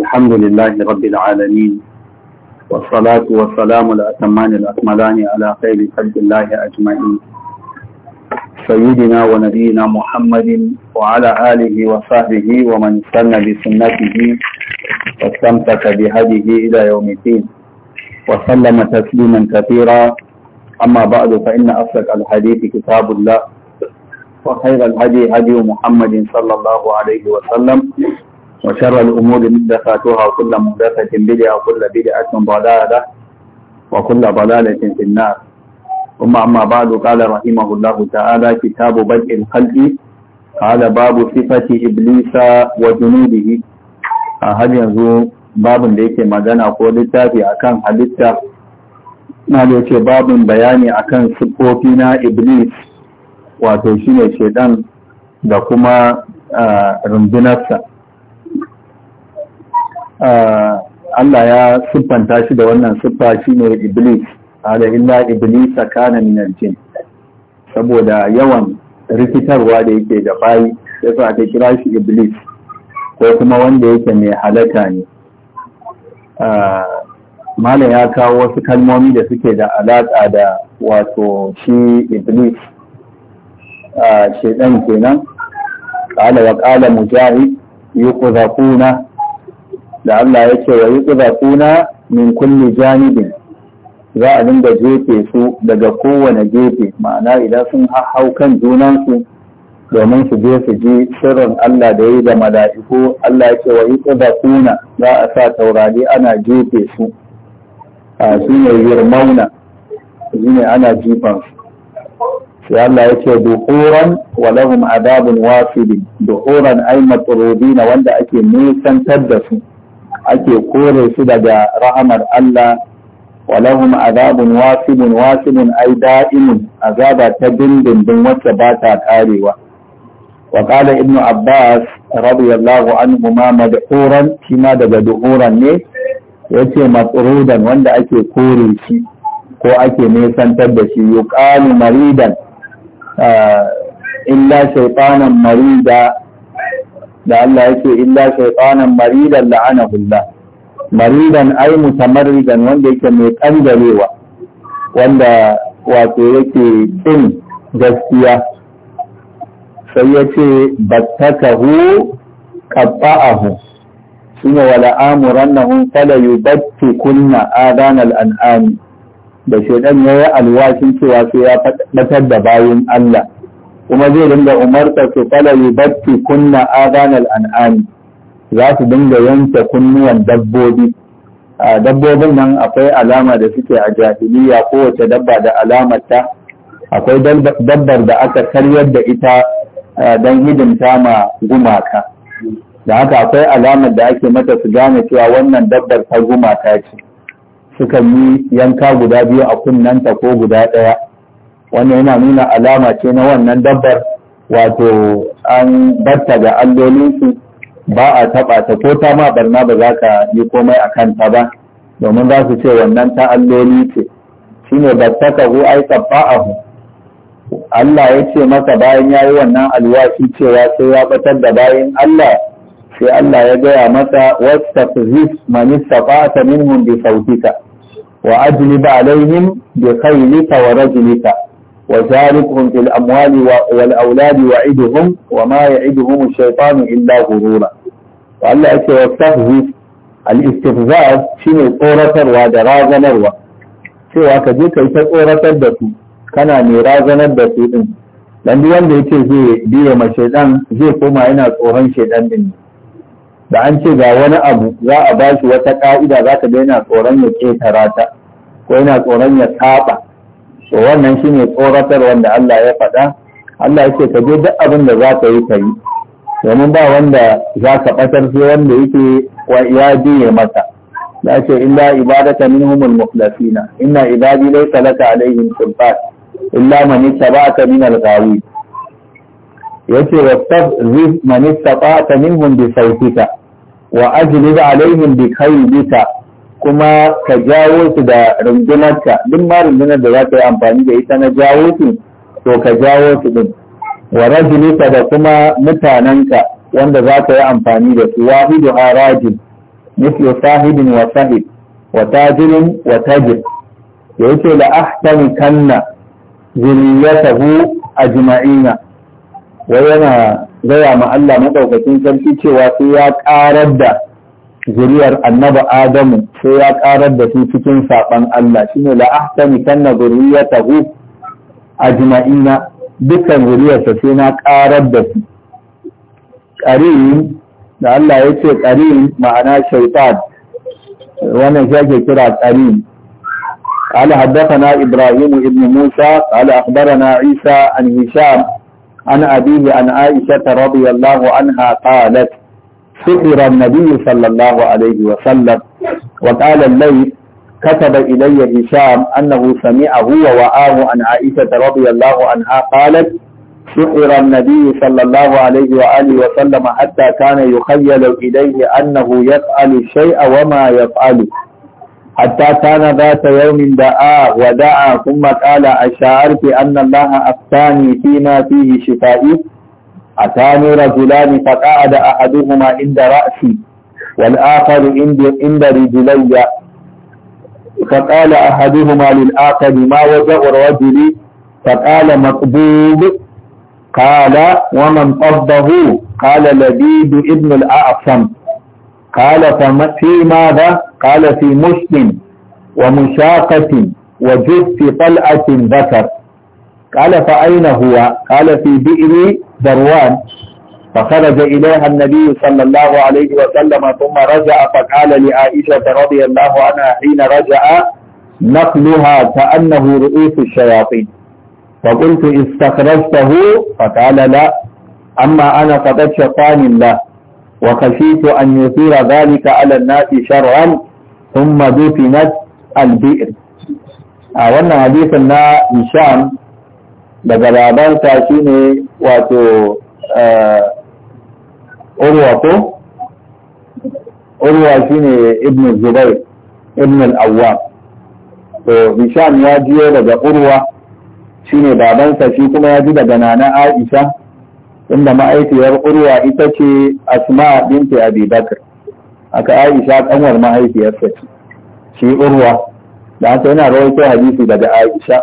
الحمد لله رب العالمين والصلاة والسلام الأتمان الأكملان على خير خلق الله أجمعين سيدنا ونبينا محمد وعلى آله وصحبه ومن سن بسنته واستمسك بهديه إلى يوم الدين وسلم تسليما كثيرا أما بعد فإن أصدق الحديث كتاب الله وخير الهدي هدي محمد صلى الله عليه وسلم وشر الأمور محدثاتها وكل مدفة بدعة وكل بدعة ضلالة وكل ضلالة في النار ثم أما بعد قال رحمه الله تعالى كتاب بدء الخلق قال باب صفة إبليس وجنوده هل ينزو باب ليك مدن أقول التافي أكان حدثة قال da yake babin bayani akan siffofi na iblis wato da kuma rundunarsa Ah, Allah ya siffanta shi da wannan siffa shi ne Iblis, ala illa Iblis a kanan jin saboda yawan rikitarwa da yake da bayi sai sa ka kira shi Iblis ko kuma wanda yake mai halaka ne. Ah, malam ya kawo wasu kalmomi da suke da alaƙa da wato shi Iblis, ah, shaidan kenan, ƙala wa ƙala mujahid ƙuzafuna da Allah ya ce wa yi kuna min kulli janibin za a dinga jefe su daga kowane gefe ma'ana idan sun hau kan junansu domin su je su ji shirin Allah da yi da mala'iku Allah ya ce wa yi kuna za a sa taurari ana jefe su a shi ne yirmauna shi ne ana jifan su sai Allah ya ce duhuran walahum adabun wafili duhuran ai matsurudi na wanda ake nisantar da su ake kore su daga rahamar Allah walahum azabun wasibun wasibun ai da'imun azaba ta dindindin wacce ba ta karewa wa qala ibn abbas radiyallahu anhu ma madhuran kima daga duhuran ne yace matsurudan wanda ake kore shi ko ake nesantar da shi yuqalu maridan ah, illa shaytanan marida da Allah yake illa shaytanan maridan la'anahullah maridan ai mutamarridan wanda yake mai ƙandarewa. wanda wato yake kin gaskiya sai yace battakahu qatta'ahu shine wala amurannahum fala yubtikunna adanal an'ami da shaidan ya yi alwashin cewa sai ya fatar da bayan Allah kuma zai dinga umarta su yi batti kunna adanal an'ami za su dinga yanke kunnuwan dabbobi dabbobin nan akwai alama da suke a jahiliya kowace dabba da alamarta akwai dabbar da aka karyar da ita don hidinta ma gumaka da haka akwai alamar da ake mata su gane cewa wannan dabbar ta gumaka ce sukan yi yanka guda biyu a kunnanta ko guda ɗaya wannan yana nuna alama ce na wannan dabbar wato an barta ga allolinsu ba a taɓa ta ko ta ma barna ba za ka yi komai a kanta ba domin za su ce wannan ta alloli ce Shi shine battaka hu ai a hu Allah ya ce masa bayan ya yi wannan alwashi cewa sai ya batar da bayan Allah sai Allah ya gaya masa wasta fizis man istafa'ata minhum bi sautika wa ba alaihim bi khaylika wa rajulika وشاركهم في الأموال والأولاد وعدهم وما يعدهم الشيطان إلا غرورا وألا يتوفه الاستفزاز شنو قورة ودراغة نروة شو أكديك يتقورة الدكو كان ميرازة الدكو dan duk wanda yake zai biye ma shaidan zai koma yana tsoron shaidan din Ba an ce ga wani abu za a bashi wata ƙa'ida za ka ga tsoron ya ketara ta ko yana tsoron ya saba to wannan shine tsoratar wanda Allah ya faɗa Allah ya ce ka je duk abin da za ka yi ka yi domin ba wanda za ka ɓatar sai wanda yake ya biye maka Ya ce illa ibadaka minhumul mukhlafina inna ibadi laysa laka alaihim sultan illa man ittaba'aka min al-ghawi yace wastazif man ittaba'aka minhum bi sawtika wa ajlib alaihim bi khaybika kuma ka jawo su da rundunarka duk ma rundunar da za ka yi amfani da ita na jawo su to ka jawo su din wa rajulika da kuma mutanenka wanda za ka yi amfani da su wahidu a rajin mislu sahibin wa sahib wa tajirin wa tajir da yake la ahtani kanna zuriyatahu ajma'ina wa yana gaya ma Allah madaukakin sarki cewa sai ya karar da zuriyar annabi adamu sai ya karar da su cikin saɓan Allah shine la ahsani kanna zuriyatahu ajma'ina dukkan zuriyarsa sai na karar da su qarin da Allah ya ce qarin ma'ana shaytan wannan shi ake kira qarin قال حدثنا إبراهيم بن موسى قال أخبرنا عيسى عن هشام عن أبيه عن عائشة رضي الله عنها قالت سحر النبي صلى الله عليه وسلم وقال الليل كتب إلي هشام أنه سمعه وآه عن عائشة رضي الله عنها قالت سحر النبي صلى الله عليه وآله وسلم حتى كان يخيل إليه أنه يفعل الشيء وما يفعله حتى كان ذات يوم دعا ودعا ثم قال أشعرت أن الله أفتاني فيما فيه شفائي أتاني رجلان فقعد أحدهما عند رأسي والآخر عند رجلي فقال أحدهما للآخر ما وجع رجلي فقال مقبول قال ومن قبضه قال لبيد ابن الأعصم قال في ماذا قال في مسلم ومشاقة وجف طلعة ذكر قال فأين هو قال في بئر ذروان فخرج إليها النبي صلى الله عليه وسلم ثم رجع فقال لعائشة رضي الله عنها حين رجع نقلها كأنه رؤوس الشياطين فقلت استخرجته فقال لا أما أنا فقد شطان الله وخشيت أن يثير ذلك على الناس شرعا ثم دفنت البئر أولا آه، حديثنا هشام daga babansa shi ne wato eh, urwa ko urwa shi ne ibn zubair ibn al'awwa to bishan ya jiyo daga urwa shi ne babansa shi kuma ya ji daga nana aisha inda ma'aikiyar urwa ita ce asma binti abi bakr aka aisha kanwar mahaifiyarsa ce shi urwa da haka yana rawaito hadisi daga aisha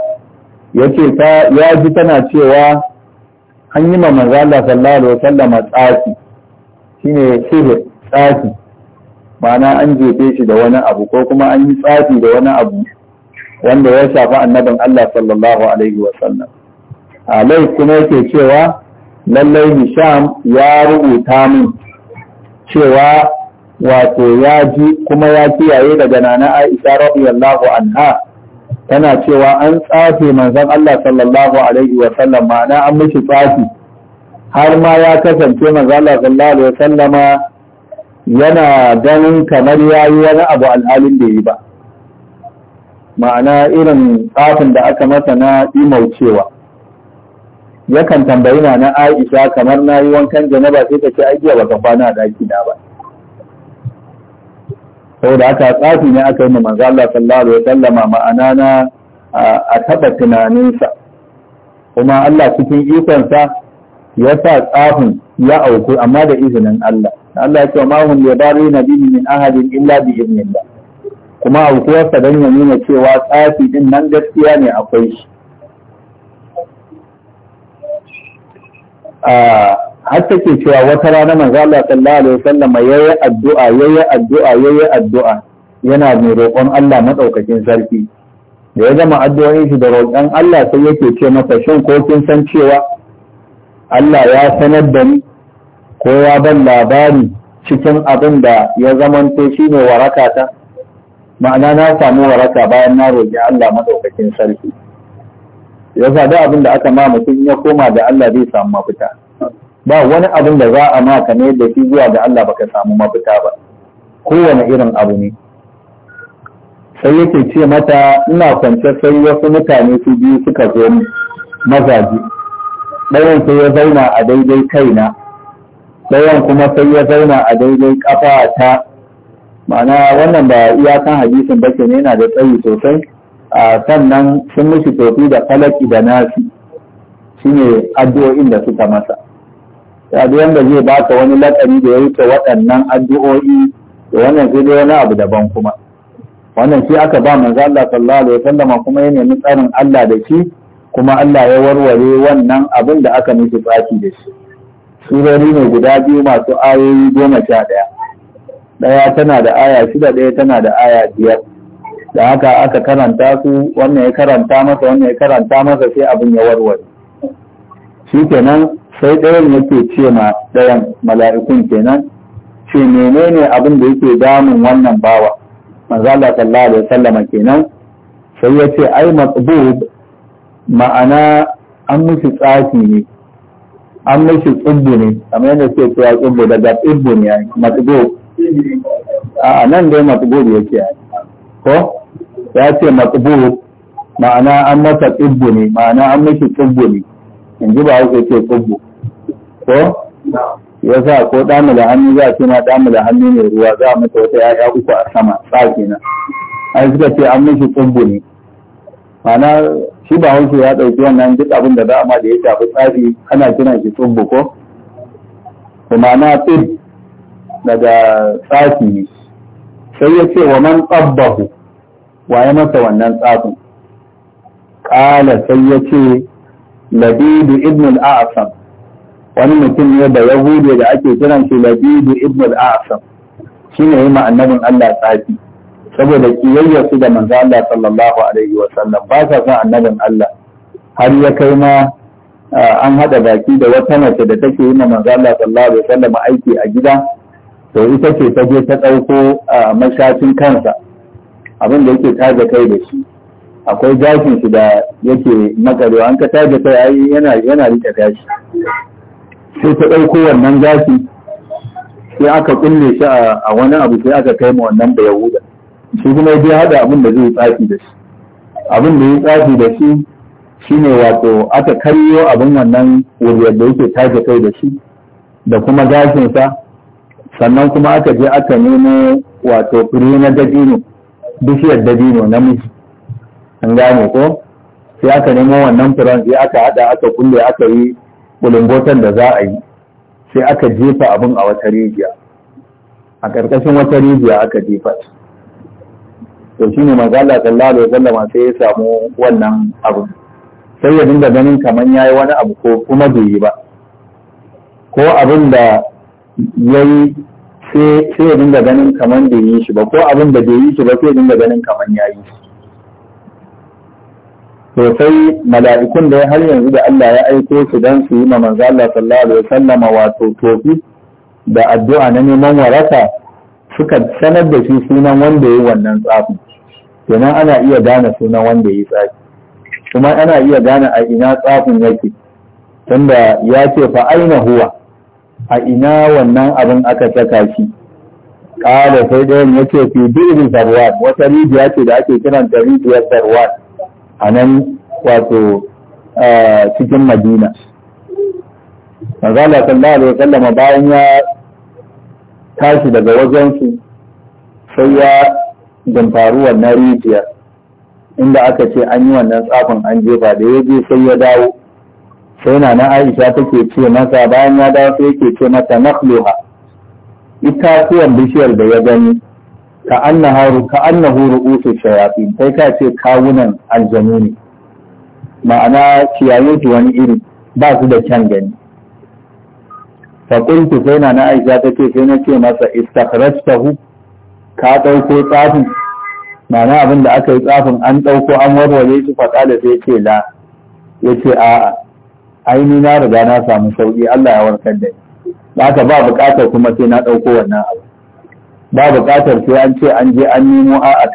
yace ta ya ji tana cewa an yi ma manzo Allah sallallahu alaihi wasallam tsafi shine sihir tsafi ma'ana an jefe shi da wani abu ko kuma an yi tsafi da wani abu wanda ya shafi annabin Allah sallallahu alaihi wasallam alai kuma yake cewa lallai Hisham ya rubuta min cewa wato ya ji kuma ya kiyaye daga nana Aisha radiyallahu anha tana cewa an tsafe manzon Allah sallallahu alaihi wa sallam ma'ana an mishi tsafi har ma ya kasance manzon Allah sallallahu alaihi wa yana ganin kamar yayi wani abu alhalin da yi ba ma'ana irin tsafin da aka masa na cewa. yakan tambayi na na Aisha kamar na yi wankan janaba sai ta ce ai jiya baka kwana a daki na ba saboda haka tsafi ne aka yi ma manzo Allah sallallahu alaihi wasallama ma'ana na a taba tunaninsa kuma Allah cikin ikonsa ya sa tsafin ya auku amma da izinin Allah Allah ya ce ma hum bi dari nabiyyin min ahadin illa bi idnillah kuma aukuwarsa dan ya nuna cewa tsafi din nan gaskiya ne akwai shi har take cewa wata rana manzo Allah sallallahu alaihi wasallam yayi addu'a yayi addu'a yayi addu'a yana mai roƙon Allah madaukakin sarki da ya gama addu'o'in shi da roƙon Allah sai yake ce masa shin ko kin san cewa Allah ya sanar da ni ko ya ban labari cikin abin da ya zamanto shine waraka ta ma'ana na samu waraka bayan na roƙi Allah madaukakin sarki ya da abin da aka ma mutum ya koma da Allah zai samu mafita ba wani abin da za a maka ne da shi zuwa da Allah baka samu mafita ba kowane irin abu ne sai yake ce mata ina kwance sai wasu mutane su biyu suka zo mazaji ɗayan sai ya zauna a daidai kaina ɗayan kuma sai ya zauna a daidai ta. ma'ana wannan ba iyakan hadisin ba ne yana da tsayi sosai a sannan sun mishi tofi da falaki da nasi shine addu'o'in da suka masa sabi wanda zai baka wani lakari da ya wuce waɗannan addu'o'i da wannan sai dai wani abu daban kuma wannan shi aka ba manzo Allah sallallahu alaihi wasallam kuma ya nemi tsarin Allah da shi kuma Allah ya warware wannan abin da aka miki baki da shi surori ne guda biyu masu ayoyi goma sha ɗaya ɗaya tana da aya shida ɗaya tana da aya biyar da haka aka karanta su wannan ya karanta masa wannan ya karanta masa sai abin ya warware shi kenan sai ɗayan yake ce ma ɗayan mala'ikun kenan ce menene abin da yake damun wannan bawa maza da sallallahu alaihi sallama kenan sai ya ce ai maqbub ma'ana an mushi tsafi ne an mushi tsubbu ne kamar yadda suke cewa tsubbu daga tsubbu ne maqbub a nan dai ya yake ko ya ce maqbub ma'ana an masa tsubbu ne ma'ana an mushi tsubbu ne in ji ba hausa ce kubbu ko ya sa ko damu da hannu za ce ma damu da hannu ne ruwa za a mata wata ya'ya uku a sama tsaki na An suka ce an mishi kubbu ne mana shi ba hausa ya ɗauki wannan duk abin da za a ma da ya shafi tsafi ana kiran shi kubbu ko kuma na tsib daga tsafi ne sai ya ce wa man tsabbahu ya masa wannan tsafin ƙala sai ya ce labidu ibn al wani mutum ne da yahudi da ake kiran shi labidu ibn al-a'sam shine yayi annabin Allah tsafi saboda kiyayya su da manzo Allah sallallahu alaihi wa sallam ba sa son annabin Allah har ya kai ma an hada baki da wata mace da take yi ma manzo Allah sallallahu alaihi wa sallam aiki a gida to ita ce ta je ta dauko mashashin kansa abin da yake taje kai da shi akwai gashin shi da yake makarewa an ka taje sai ai yana yana rike gashi sai ta ɗauko wannan gashi sai aka kulle shi a wani abu sai aka kai ma wannan da yahuda shi kuma ya haɗa abin da zai tsafi da shi abin da ya tsafi da shi shine wato aka karyo abin wannan wuriyar da yake taje kai da shi da kuma gashinsa sannan kuma aka je aka nemo wato fure na dabino bishiyar dabino namiji an gane ko sai aka nemo wannan furen sai aka hada aka kulle aka yi kulumbotan da za a yi sai aka jefa abin a wata rijiya a ƙarƙashin wata rijiya aka jefa to shine magana sallallahu alaihi wasallam sai ya samu wannan abu sai ya dinga ganin kamar yayi wani abu ko kuma bai yi ba ko abin da yayi sai ya dinga ganin kamar bai yi shi ba ko abin da bai yi shi ba sai ya dinga ganin kamar yayi shi Sosai mala'ikun da har yanzu da Allah ya aiko su don su yi ma manzo Allah sallallahu alaihi wasallam wato tofi da addu'a na neman waraka suka sanar da shi sunan wanda ya yi wannan tsafi kenan ana iya gane sunan wanda ya yi tsafi kuma ana iya gane a ina tsafin yake tunda ya ce fa aina huwa a ina wannan abin aka saka shi ƙara sai ɗayan ya fi birnin sarwat wata rijiya ce da ake kiranta rijiyar sarwat a nan wato cikin madina manzala sallallahu alaihi kallama. bayan ya tashi daga wajensu sai ya damfaru wannan rijiyar inda aka ce an yi wannan tsafin an jefa da ya je sai ya dawo sai na na aisha take ce masa bayan ya dawo sai yake ce masa nakhluha itatuwan bishiyar da ya gani ka haru ka huru ru'usu shayatin sai ka ce kawunan aljanu ne ma'ana ciyayi su wani iri ba su da can gani fa kuntu sai na Aisha ce sai na ce masa istakhrajtahu ka dauko tsafin ma'ana abin da aka yi tsafin an dauko an warware shi fa da sai ce la yace a'a aini na riga na samu sauki Allah ya warkar da ni Ba ka ba bukatar kuma sai na dauko wannan abu ba buƙatar sai an ce an je an nemo a a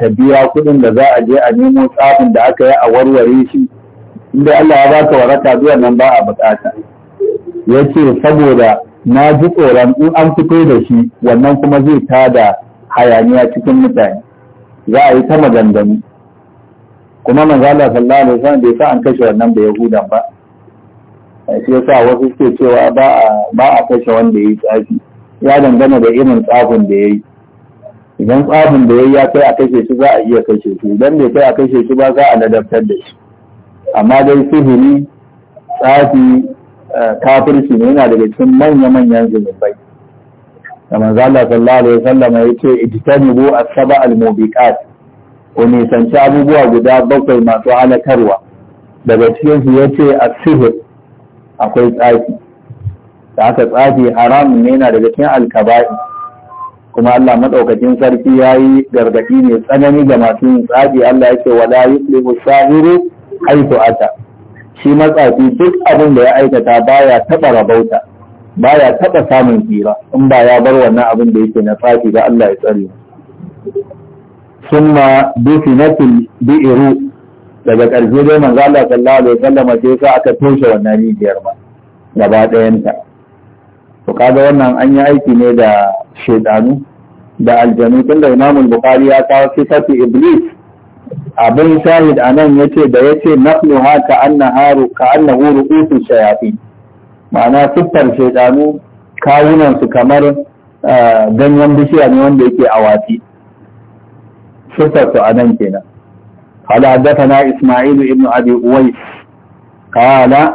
kuɗin da za a je a nemo tsafin da aka yi a warware shi inda Allah ya baka waraka zuwa nan ba a buƙata Ya ce saboda na ji tsoron in an fito da shi wannan kuma zai ta da hayaniya cikin mutane za a yi ta maganganu kuma manzala sallallahu alaihi wasallam bai sa an kashe wannan da yahudan ba shi yasa wasu suke cewa ba a kashe wanda ya yi tsafi ya dangana da irin tsafin da ya yi. idan tsafin da yayi ya kai a kashe shi za a iya kashe shi idan bai kai a kashe shi ba za a ladabtar da shi amma dai sihiri tsafi eh, kafirci ne yana daga cikin manya-manyan zunubai da manzo Allah sallallahu alaihi wasallam ya ce ijtanibu as-saba al ko nisanci abubuwa guda bakwai masu halakarwa daga cikin su yace a sihir akwai tsafi da aka tsafi haramun ne yana daga cikin alkaba'i kuma Allah madaukakin sarki yayi gargadi ne tsanani ga masu yin tsafi Allah yake wala yuflihu sahiru haitu ata shi matsafi duk abin da ya aikata baya taba rabauta baya taba samun tsira in ba ya bar wannan abin da yake na tsafi ba Allah ya tsare summa dufinatil bi'ru daga ƙarshe dai manzo Allah sallallahu alaihi wasallam sai sa aka toshe wannan rijiyar ma gaba ɗayanta to kaga wannan an yi aiki ne da shaidanu da aljanu tunda imamul bukhari ya kawo sifatu iblis abin shahid a nan ya ce da yace anna haru ka anna huru ma'ana siffar shaidanu kawunan su kamar eh, ganyen bishiya ne wanda yake awati siffar su a nan kenan قال حدثنا إسماعيل بن أبي أويس قال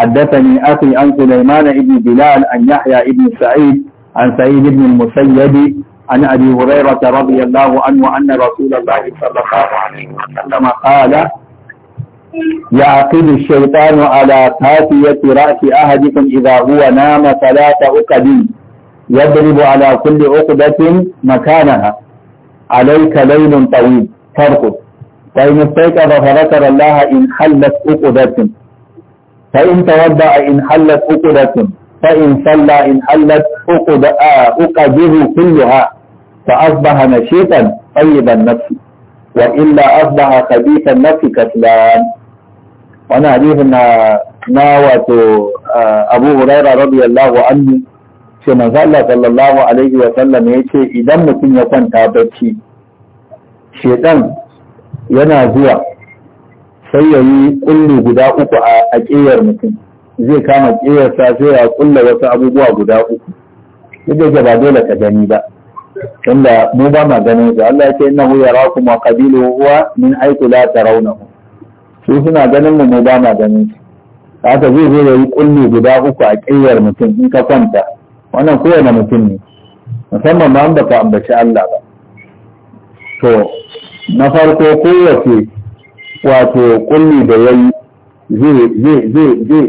حدثني أخي عن سليمان بن بلال عن يحيى بن سعيد عن سعيد بن المسيب عن أبي هريرة رضي الله عنه أن رسول الله صلى الله عليه وسلم قال يعقد الشيطان على كافية رأس أحدكم إذا هو نام ثلاث عقد يضرب على كل عقدة مكانها عليك ليل طويل ترقد فإن استيقظ فذكر الله إن حلت عقدة فإن توضأ إن حلت أقدة فإن صلى إن حلت أقدة آه، أقده كلها فأصبح نشيطا طيب النفس وإلا أصبح خبيث النفس كسلان وأنا حديث ناوة آه، أبو هريرة رضي الله عنه شيء ما صلى صلى الله عليه وسلم يشي إذا ممكن يكون تابتشي شيطان ينازوه sai ya yi kullu guda uku a ƙiyar mutum zai kama ƙiyarsa sai ya kulla wasu abubuwa guda uku duk da ba dole ka gani ba tunda mu ba ma ganin su Allah ya ce innahu yarakum wa qabiluhu huwa min aiku la tarawnahu su suna ganin mu mu ba ma ganin su haka zai zo ya yi kulli guda uku a ƙiyar mutum in ka kwanta wannan kowane mutum ne musamman ma an ka ambaci Allah ba to na farko kowace wato kulli da yayi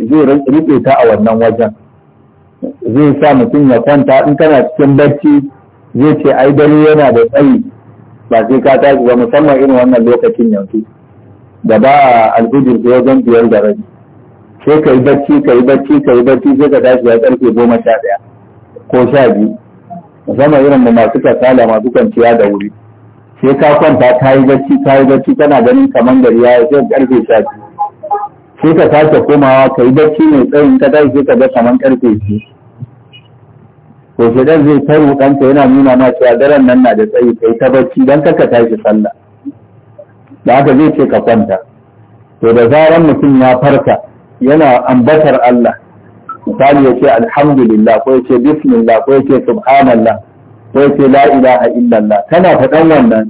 zai rike ta a wannan wajen zai sa mutum ya kwanta in kana cikin barci zai ce ai dare yana da tsayi ba sai ka tashi ba musamman irin wannan lokacin yanzu da ba a alfijir da wajen biyar da rai sai ka yi barci ka yi barci ka yi barci sai ka tashi ya karfe goma sha daya ko sha biyu musamman irin mu masu kasala masu kwanciya da wuri sai ka kwanta ta yi bacci ta yi bacci kana ganin kamar gari ya yi sai karfe sha sai ka sake komawa ka yi bacci mai tsayin ka tashi sai ka ga kamar karfe biyu to shaidan zai taru ruɗanka yana nuna ma cewa daren nan na da tsayi kai ta barci, don kaka tashi sallah da haka zai ce ka kwanta to da zaran mutum ya farka yana ambatar Allah misali ya ce alhamdulillah ko ya ce bismillah ko ya ce subhanallah sai ce la ilaha illallah kana faɗan wannan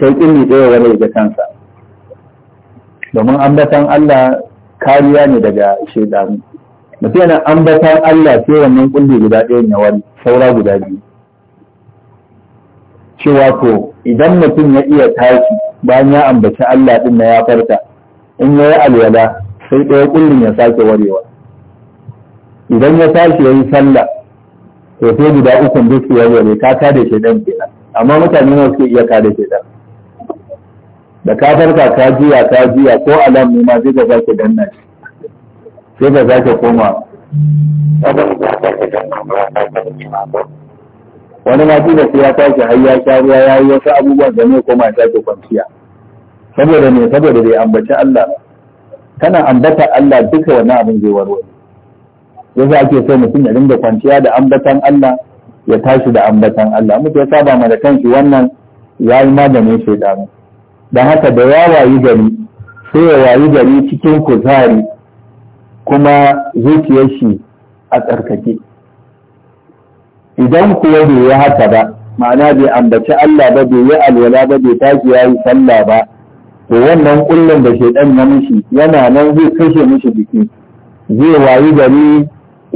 sai yi ɗaya wani ga kansa domin ambatan Allah kariya ne daga shaidanu mutum yana ambatan Allah sai wannan kulli guda ɗaya ne wani saura guda biyu cewa to idan mutum ya iya tashi bayan ya ambaci Allah din na ya farka in ya yi alwala sai ɗaya kullum ya sake warewa idan ya tashi ya yi sallah to sai guda ukun duk su ne ka kada shaidan kenan amma mutane nawa suke iya kada shaidan da ka farka ka jiya ka jiya ko ne ma zai ga zaki danna shi sai ga zaki koma wani ma da sai ya tashi har ya sha ruwa ya yi wasu abubuwan da ne koma ta ke kwanciya saboda ne saboda bai ambaci Allah kana ambata Allah duka wani abin zai warware yasa ake so mutum ya dinga kwanciya da ambatan Allah ya tashi da ambatan Allah mutum ya saba ma da kanshi wannan ya yi maganin shaidanu Da haka da ya wayi gari sai ya wayi gari cikin kuzari kuma zuciyar shi a tsarkake idan kuwa bai yi haka ba ma'ana bai ambaci Allah ba bai yi alwala ba bai tashi ya yi sallah ba to wannan kullum da shaidan ya mishi yana nan zai kashe mishi jiki zai wayi gari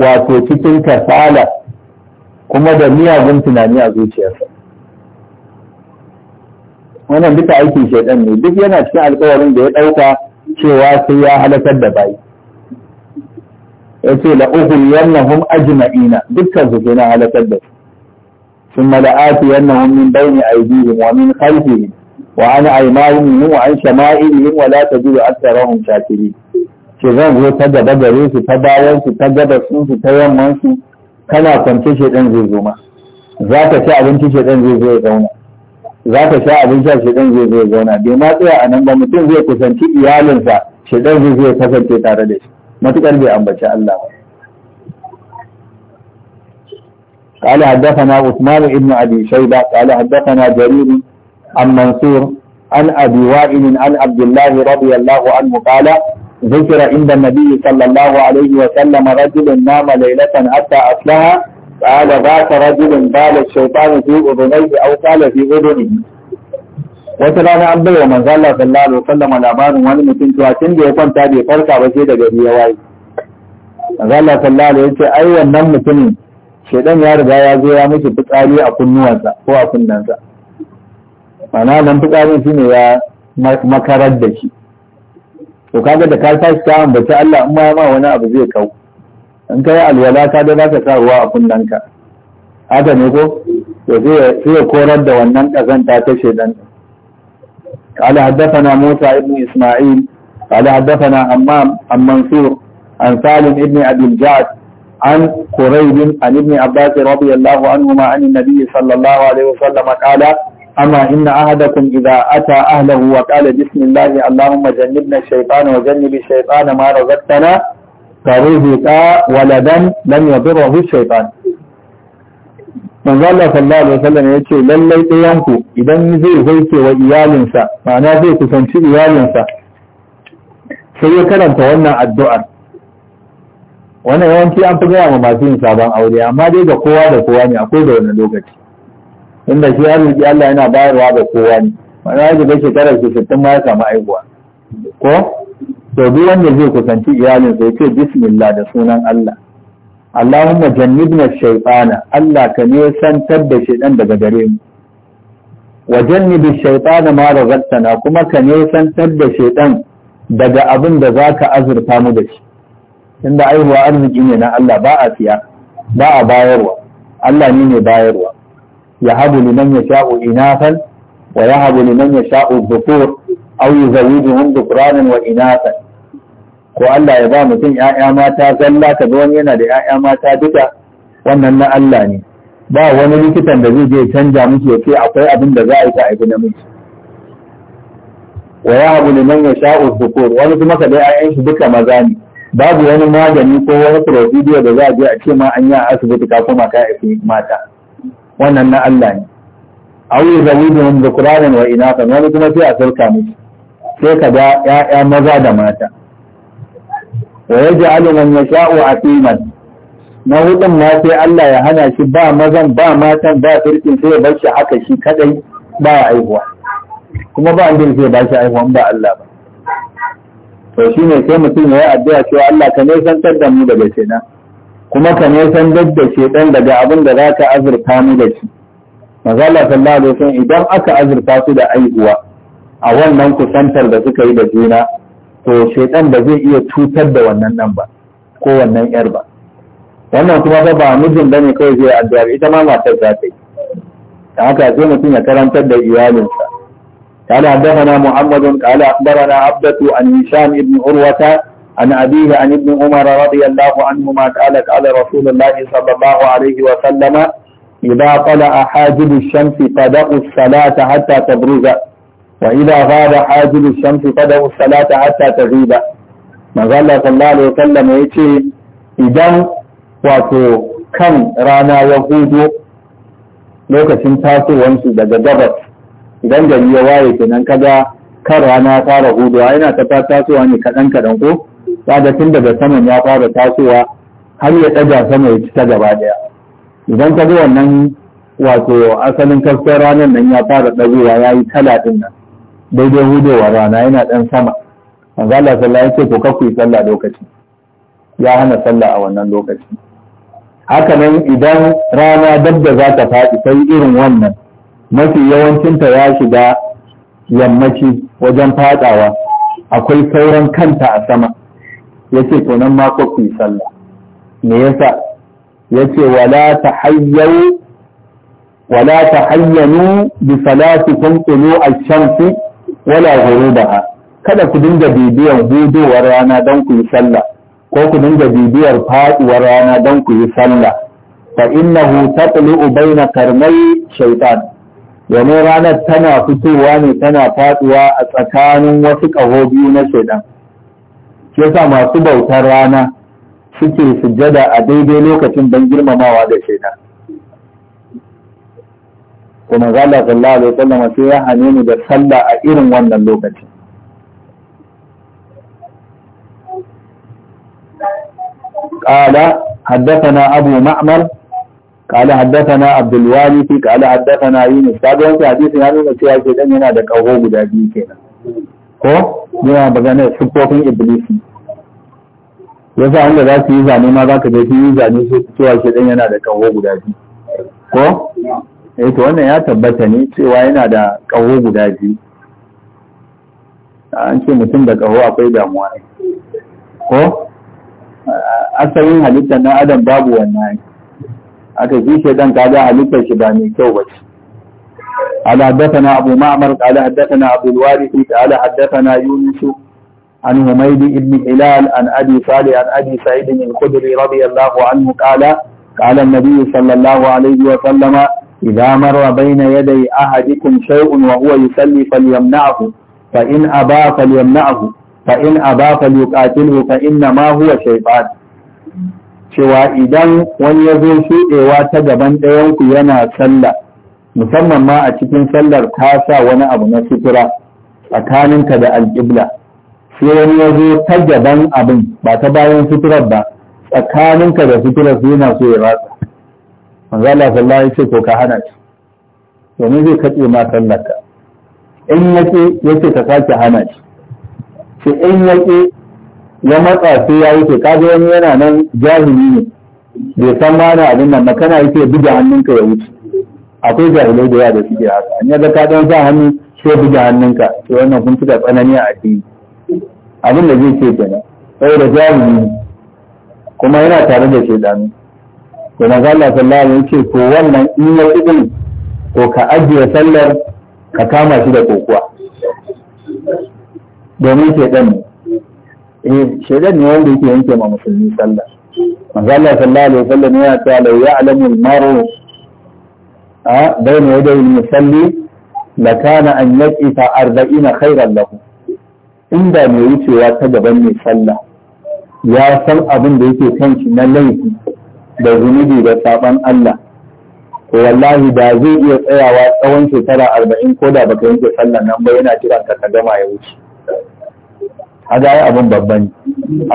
wato cikin kasala kuma da miyagun tunani a zuciyarsa wannan duka aikin shaidan ne duk yana cikin alkawarin da ya ɗauka cewa sai ya halakar da bayi ya ce la uhul yannahum ajma'ina dukkan su na halakar da su ثم لآتينهم من بين أيديهم ومن خلفهم وعن أيمانهم وعن شمائلهم ولا تجد أكثرهم شاكرين ce zan zo ta gaba gare su ta bayan su ta gaba sun su ta yamman su kana kwance shedan zai zo ma za ka ci abinci shedan zai zo ya zauna za ka sha abin sha shedan zai zo ya zauna bai ma tsaya a nan ba mutum zai kusanci iyalinsa shedan zai zo ya kasance tare da shi matukar bai ambaci Allah ba قال حدثنا عثمان بن ابي شيبه قال حدثنا جرير عن منصور عن ابي وائل عن عبد الله رضي الله عنه قال ذكر عند النبي صلى الله عليه وسلم رجل نام ليلة حتى أصلها قال ذاك رجل بال الشيطان في أذنيه أو قال في أذنه wata rana an bai wa manzo Allah sallallahu alaihi wasallam labarin wani mutum cewa tun da ya kwanta bai farka ba sai da gari ya waye manzo Allah sallallahu alaihi wasallam ai wannan mutumin shedan ya riga ya zo ya mishi fitsari a kunnuwansa ko a kunnansa ma'ana nan shine ya makarar da shi to kaga da ka tashi ka ambaci Allah in ma ya ma wani abu zai kau in ka yi alwala ka da zaka sa ruwa a kunnanka haka ne ko to sai ya korar da wannan kazanta ta shedan قال حدثنا موسى ابن إسماعيل قال حدثنا همام عن منصور عن سالم ابن أبي الجعد عن قريب عن ابن عباس رضي الله عنهما عن النبي صلى الله عليه وسلم قال أما إن أحدكم إذا أتى أهله وقال بسم الله اللهم جنبنا الشيطان وجنب الشيطان ما رزقتنا فرزق ولدا لم يضره الشيطان manzo Allah sallallahu alaihi wasallam ya ce lallai ɗayanku idan zai hoike iyalinsa ma'ana zai kusanci iyalinsa sai ya karanta wannan addu'ar wannan yawanci an fi gaya ma masu yin sabon aure amma dai da kowa da kowa ne akwai da wani lokaci inda shi ya Allah yana bayarwa ga kowa ne mana ya shiga shekarar sittin ma ya samu ko to duk wanda zai kusanci iyalin ya ce bismillah da sunan Allah Allahumma jannibna shaytana Allah ka ne santar da shaytan daga gare mu wa jannibi shaytana ma razaqtana kuma ka ne santar da shaytan daga abin da zaka azurta mu da shi inda aihuwa arziki ne na Allah ba a siya ba a bayarwa Allah ne ne bayarwa يهب لمن يشاء إناثا ويهب لمن يشاء الذكور أو يزوجهم ذكرانا وإناثا ko Allah ya ba mutum ‘ya'ya mata zalla ka ga wani yana da ‘ya'ya mata duka wannan na Allah ne ba wani likitan da zai je canja miki ya ce akwai abin da za a yi ta aiki namiji wa ya abu liman ya sha'u dhukur wani kuma ka ‘ya'yan shi duka maza ne babu wani magani ko wani procedure da za a je a ce ma an yi a asibiti ka kuma ka aiki mata wannan na Allah ne aw yuzawijuhum dhukranan wa inathan wani kuma sai a sarka musu sai ka ga ƴaƴa maza da mata wa yaj'alu sha'o a atiman na hudun ma sai Allah ya hana shi ba mazan ba matan ba firkin sai ya bar shi haka shi kadai ba aihuwa kuma ba abin sai ba shi aihuwan ba Allah ba to shine sai mutum ya yi addu'a cewa Allah ka ne da mu daga kenan kuma ka nisan da shedan daga abin da za ka azurta mu da shi mazala sallallahu alaihi wasallam idan aka azurta su da aihuwa a wannan kusantar da suka yi da juna to shedan ba zai iya cutar da wannan nan ba ko wannan yar ba wannan kuma fa ba mijin bane kawai zai addu'a ita ma matar za ta yi da haka sai mutum ya karantar da iyalinsa قال حدثنا محمد قال اخبرنا عبده عن هشام بن عروه عن أبيه عن ابن عمر رضي الله عنهما قال قال رسول الله صلى الله عليه وسلم إذا طلع حاجب الشمس فدأوا الصلاة حتى تبرز وإذا غاب حاجب الشمس فدأوا الصلاة حتى تغيب manzala sallallahu alaihi wasallam ya ce idan wato kan rana ya hudo lokacin tasowansu daga gabas idan gari ya waye kenan kaga kan rana ya fara hudowa yana ta tasowa kaɗan kaɗan ko kaga tun daga saman ya fara tasowa har ya ɗaga sama ya ci ta gaba ɗaya idan ka ga wannan wato asalin kaskon ranar nan ya fara ɗagowa ya yi kala ɗin nan daidai hudewa rana yana ɗan sama manzo Allah sallallahu ya ce ko ka sallah lokaci ya hana sallah a wannan lokaci haka nan idan rana dab da za ta faɗi sai irin wannan mafi yawancinta ya shiga yammaci wajen faɗawa akwai sauran kanta a sama yace to nan mako ko sallah me yasa yace wala tahayyu wala tahayyanu bi salatikum tulu ash-shams wala ghurubaha kada ku dinga bibiyar budowar rana don ku yi sallah ko ku dinga bibiyar faduwar rana don ku yi sallah fa innahu taqlu baina karmai shaytan domin ranar tana fitowa ne tana faduwa a tsakanin wasu ƙaho na shaidan ya sa masu bautar rana suke sujada a daidai lokacin don girmamawa da shaida kuma zala sallallahu alaihi wasallam sai ya hane ni da sallah a irin wannan lokacin قال حدثنا أبو معمر قال حدثنا عبد الوالي قال حدثنا Yunus. kaga wannan hadisi ya nuna cewa ke dan yana da kaho guda biyu kenan ko yana magana sufofin iblis yasa wanda za su yi zane ma za ka je su yi zane su cewa shi dan yana da kawo guda biyu ko eh to wannan ya tabbata ne cewa yana da kawo guda biyu an ce mutum da kawo akwai damuwa ne ko asalin halittar na adam babu wannan aka ji shi dan kaga halittar shi ba mai kyau ba ce حدثنا أبو معمر قال حدثنا أبو الوارث قال حدثنا يونس عن هميد بن هلال عن أبي صالح عن أبي سعيد الخدري رضي الله عنه قال قال النبي صلى الله عليه وسلم إذا مر بين يدي أحدكم شيء وهو يصلي فليمنعه فإن أبى فليمنعه فإن أبى فليقاتله فإنما هو شيطان cewa idan wani ya zo shuɗewa ta gaban ɗayanku yana sallah musamman ma a cikin sallar ta sa wani abu na sutura tsakaninka da alƙibla sai wani ya zo ta gaban abin ba ta bayan suturar ba tsakaninka da suturar su yana so ya ratsa manzo Allah sallallahu alaihi ko ka hana shi domin zai katse ma sallarka in yake yake ka sake hana shi sai in yake ya matsa sai ya yi ka ga wani yana nan jahili ne bai san ma na abin nan makana yake buga hannunka ya wuce akwai jahilai da yawa da suke haka an yaga ka dan sa hannu sai buga hannunka sai wannan kun cika tsanani a addini abin da zai ce kenan saboda jahili kuma yana tare da shi shaidanu to manzo Allah sallallahu alaihi wasallam ce ko wannan in ya kudin to ka ajiye sallar ka kama shi da kokuwa domin shaidan ne eh shaidan ne wanda yake yanke ma musulmi sallah manzo Allah sallallahu alaihi wasallam ya cewa la ya'lamu al-mar'u a ah, bayna yadayil musalli lakana an yaqita arba'ina khayran lahu inda mai wucewa ta gaban mai sallah ya san abin da yake kan shi na laifi da zunubi da saban Allah to wallahi da zai iya tsayawa tsawon shekara arba'in ko da baka yanke sallah nan ba yana kiran ka gama ya wuce a ga abin babba ne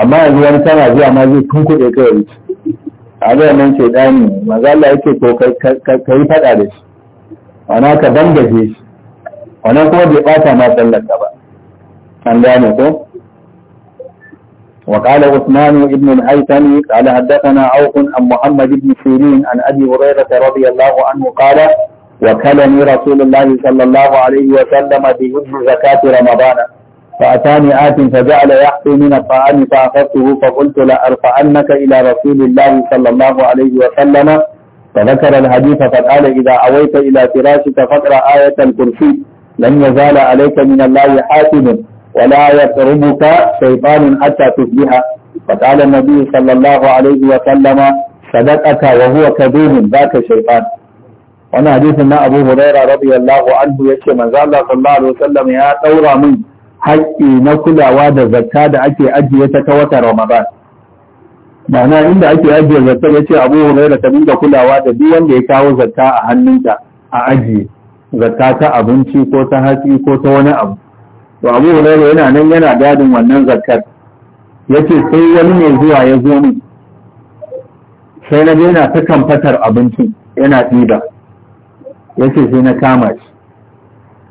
amma yanzu wani tana zuwa ma zai kuɗe ka ya wuce a ga nan ce dani maza Allah yake ko ka yi faɗa da shi ana ka bangaje shi wannan kuma bai ɓata ma sallar ka ba an gane وقال عثمان بن الهيثم قال حدثنا عوف عن محمد بن سيرين عن ابي هريره رضي الله عنه قال وكلني رسول الله صلى الله عليه وسلم بوجه زكاه رمضان فأتاني آت فجعل يحصي من الطعام فأخذته فقلت لأرفعنك إلى رسول الله صلى الله عليه وسلم فذكر الحديث فقال إذا أويت إلى فراشك فاقرأ آية الكرسي لن يزال عليك من الله حاكم ولا يقربك شيطان حتى تصبح فقال النبي صلى الله عليه وسلم صدقك وهو كذوب ذاك الشيطان wannan hadisin na Abu Huraira radiyallahu anhu yace manzo Allah sallallahu alaihi wasallam ya daura min haƙƙi na kulawa da zakka da ake ajiye ta ta watan Ramadan ma'ana inda ake ajiye zakka yace Abu Huraira ta dinga kulawa da duk wanda ya kawo zakka a hannunta a ajiye zakka ta abinci ko ta hatsi ko ta wani abu to abu hurairah yana nan yana dadin wannan zakkar yace sai wani mai zuwa ya zo ni. sai na yana ta kamfatar abinci yana ɗiba yace sai na kama shi